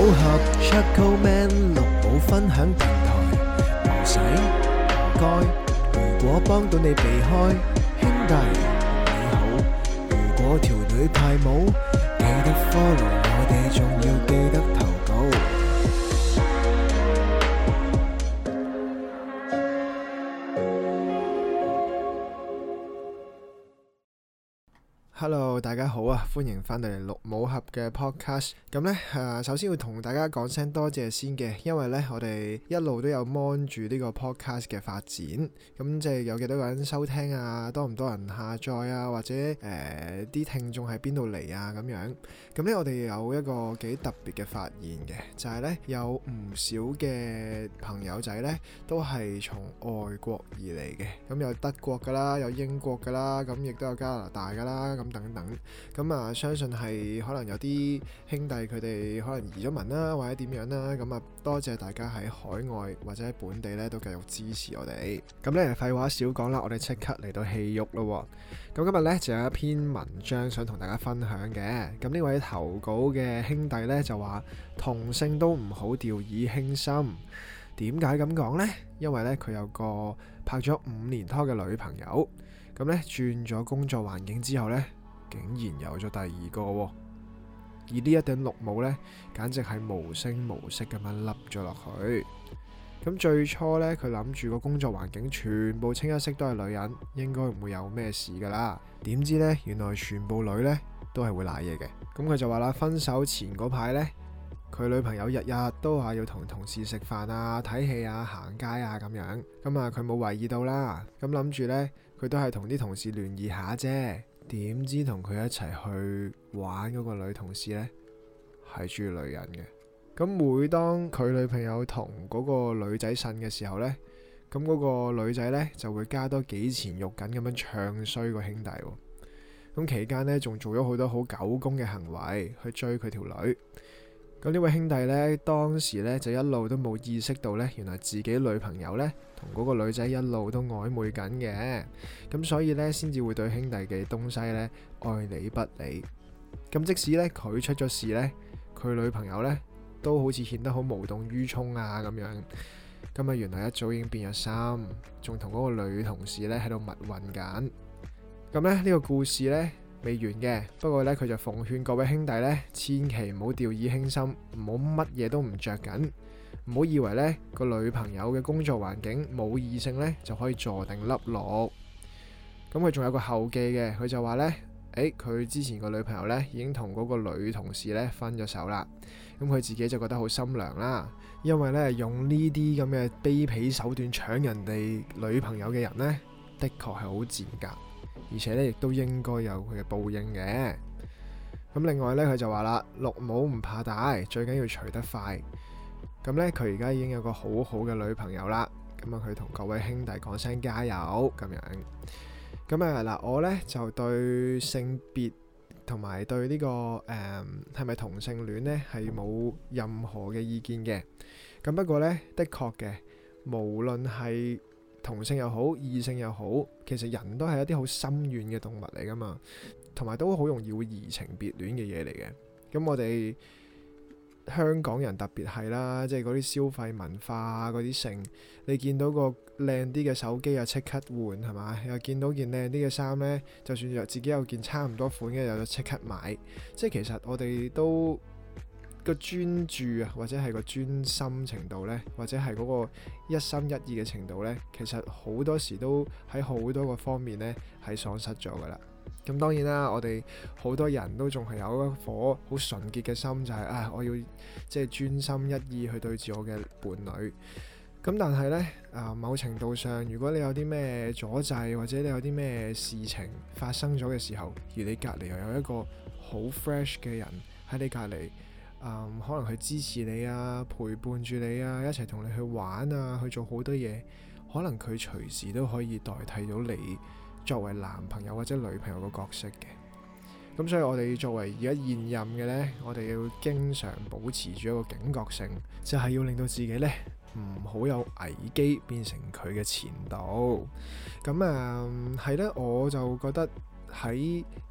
組合 Cuckold Man 綠帽分享平台，唔使唔該。如果幫到你避開兄弟你好。如果條女太冇，記得 follow 我哋，仲要記得投。Hello，大家好啊，歡迎翻嚟《綠帽俠》嘅 Podcast。咁呢，誒、啊，首先要同大家講聲多謝先嘅，因為呢，我哋一路都有 mon 住呢個 Podcast 嘅發展，咁即係有幾多個人收聽啊，多唔多人下載啊，或者誒啲、呃、聽眾喺邊度嚟啊咁樣。咁呢，我哋有一個幾特別嘅發現嘅，就係、是、呢，有唔少嘅朋友仔呢，都係從外國而嚟嘅，咁有德國㗎啦，有英國㗎啦，咁亦都有加拿大㗎啦，咁。等等，咁、嗯、啊，相信係可能有啲兄弟佢哋可能移咗民啦，或者點樣啦，咁、嗯、啊，多謝大家喺海外或者喺本地呢都繼續支持我哋。咁呢，廢話少講啦，我哋即刻嚟到戲肉咯。咁今日呢，就有一篇文章想同大家分享嘅。咁呢位投稿嘅兄弟呢，就話同性都唔好掉以輕心。點解咁講呢？因為呢，佢有個拍咗五年拖嘅女朋友，咁呢，轉咗工作環境之後呢。竟然有咗第二個，而呢一頂綠帽呢，簡直係無聲無息咁樣笠咗落去。咁最初呢，佢諗住個工作環境全部清一色都係女人，應該唔會有咩事噶啦。點知呢，原來全部女呢都係會瀨嘢嘅。咁佢就話啦，分手前嗰排呢，佢女朋友日日都話要同同事食飯啊、睇戲啊、行街啊咁樣。咁啊，佢冇懷疑到啦。咁諗住呢，佢都係同啲同事聯誼下啫。點知同佢一齊去玩嗰個女同事咧，係鍾意女人嘅。咁每當佢女朋友同嗰個女仔呻嘅時候呢，咁嗰個女仔呢就會加多幾錢肉緊咁樣唱衰個兄弟。咁期間呢，仲做咗好多好狗公嘅行為，去追佢條女。咁呢位兄弟呢，當時呢就一路都冇意識到呢，原來自己女朋友呢同嗰個女仔一路都曖昧緊嘅，咁所以呢，先至會對兄弟嘅東西呢愛理不理。咁即使呢，佢出咗事呢，佢女朋友呢都好似顯得好無動於衷啊咁樣。今日原來一早已經變咗心，仲同嗰個女同事呢喺度密雲緊。咁呢，呢、呢個故事呢，未完嘅，不過呢，佢就奉勸各位兄弟呢，千祈唔好掉以輕心，唔好乜嘢都唔着緊，唔好以為呢個女朋友嘅工作環境冇異性呢就可以坐定粒六。咁佢仲有個後記嘅，佢就話呢：欸「誒佢之前個女朋友呢已經同嗰個女同事呢分咗手啦，咁佢自己就覺得好心涼啦，因為呢用呢啲咁嘅卑鄙手段搶人哋女朋友嘅人呢，的確係好賤格。而且咧，亦都應該有佢嘅報應嘅。咁另外咧，佢就話啦：綠帽唔怕大，最緊要除得快。咁咧，佢而家已經有個好好嘅女朋友啦。咁啊，佢同各位兄弟講聲加油咁樣。咁啊，嗱，我咧就對性別同埋對呢個誒係咪同性戀呢，係冇任何嘅意見嘅。咁不過呢，的確嘅，無論係。同性又好，異性又好，其實人都係一啲好心軟嘅動物嚟㗎嘛，同埋都好容易會移情別戀嘅嘢嚟嘅。咁我哋香港人特別係啦，即係嗰啲消費文化、嗰啲性，你見到個靚啲嘅手機啊，即刻換係嘛，又見到件靚啲嘅衫呢，就算自己有件差唔多款嘅，又即刻買。即係其實我哋都。個專注啊，或者係個專心程度呢，或者係嗰個一心一意嘅程度呢，其實好多時都喺好多個方面呢係喪失咗噶啦。咁當然啦，我哋好多人都仲係有一顆好純潔嘅心，就係、是、啊，我要即係專心一意去對住我嘅伴侶。咁但係呢，啊、呃，某程度上，如果你有啲咩阻滯，或者你有啲咩事情發生咗嘅時候，而你隔離又有一個好 fresh 嘅人喺你隔離。啊，um, 可能佢支持你啊，陪伴住你啊，一齊同你去玩啊，去做好多嘢，可能佢隨時都可以代替到你作為男朋友或者女朋友嘅角色嘅。咁所以，我哋作為而家現任嘅呢，我哋要經常保持住一個警覺性，就係、是、要令到自己呢唔好有危機變成佢嘅前度。咁啊，係、um, 咧，我就覺得。喺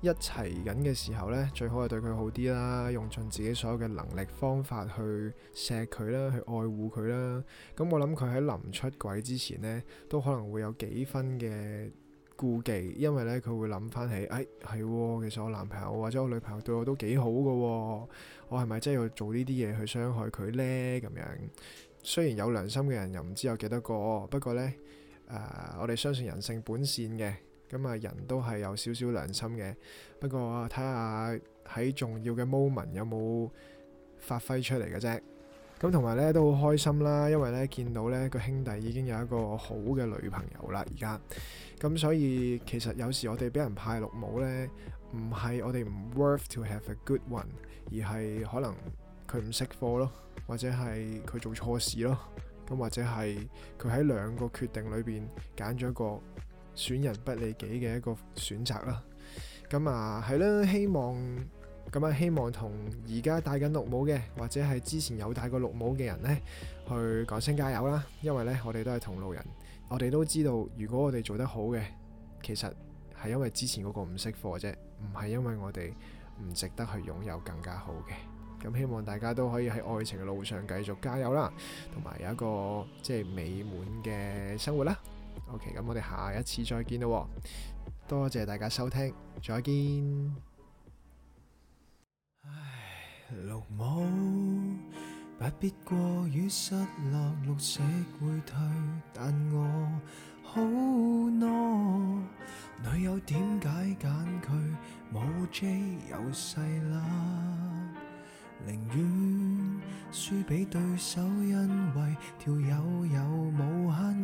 一齊緊嘅時候呢，最好係對佢好啲啦，用盡自己所有嘅能力方法去錫佢啦，去愛護佢啦。咁、嗯、我諗佢喺臨出軌之前呢，都可能會有幾分嘅顧忌，因為呢，佢會諗翻起，誒、哎、係、哦、其實我男朋友或者我女朋友對我都幾好㗎、哦，我係咪真係要做呢啲嘢去傷害佢呢？」咁樣雖然有良心嘅人又唔知有幾多個，不過呢，誒、呃、我哋相信人性本善嘅。咁啊，人都係有少少良心嘅，不過睇下喺重要嘅 moment 有冇發揮出嚟嘅啫。咁同埋咧都好開心啦，因為咧見到咧個兄弟已經有一個好嘅女朋友啦，而家咁所以其實有時我哋俾人派綠帽咧，唔係我哋唔 worth to have a good one，而係可能佢唔識貨咯，或者係佢做錯事咯，咁或者係佢喺兩個決定裏邊揀咗一個。損人不利己嘅一個選擇啦，咁啊係啦，希望咁啊希望同而家戴緊綠帽嘅，或者係之前有戴過綠帽嘅人呢，去講聲加油啦，因為呢，我哋都係同路人，我哋都知道如果我哋做得好嘅，其實係因為之前嗰個唔識貨啫，唔係因為我哋唔值得去擁有更加好嘅，咁希望大家都可以喺愛情嘅路上繼續加油啦，同埋有一個即係、就是、美滿嘅生活啦。OK，咁我哋下一次再見咯，多謝大家收聽，再見，唉。綠帽不必過於失落，綠色會退，但我好囉。女友點解揀佢？冇計，有細啦，寧願輸畀對手，因為條友。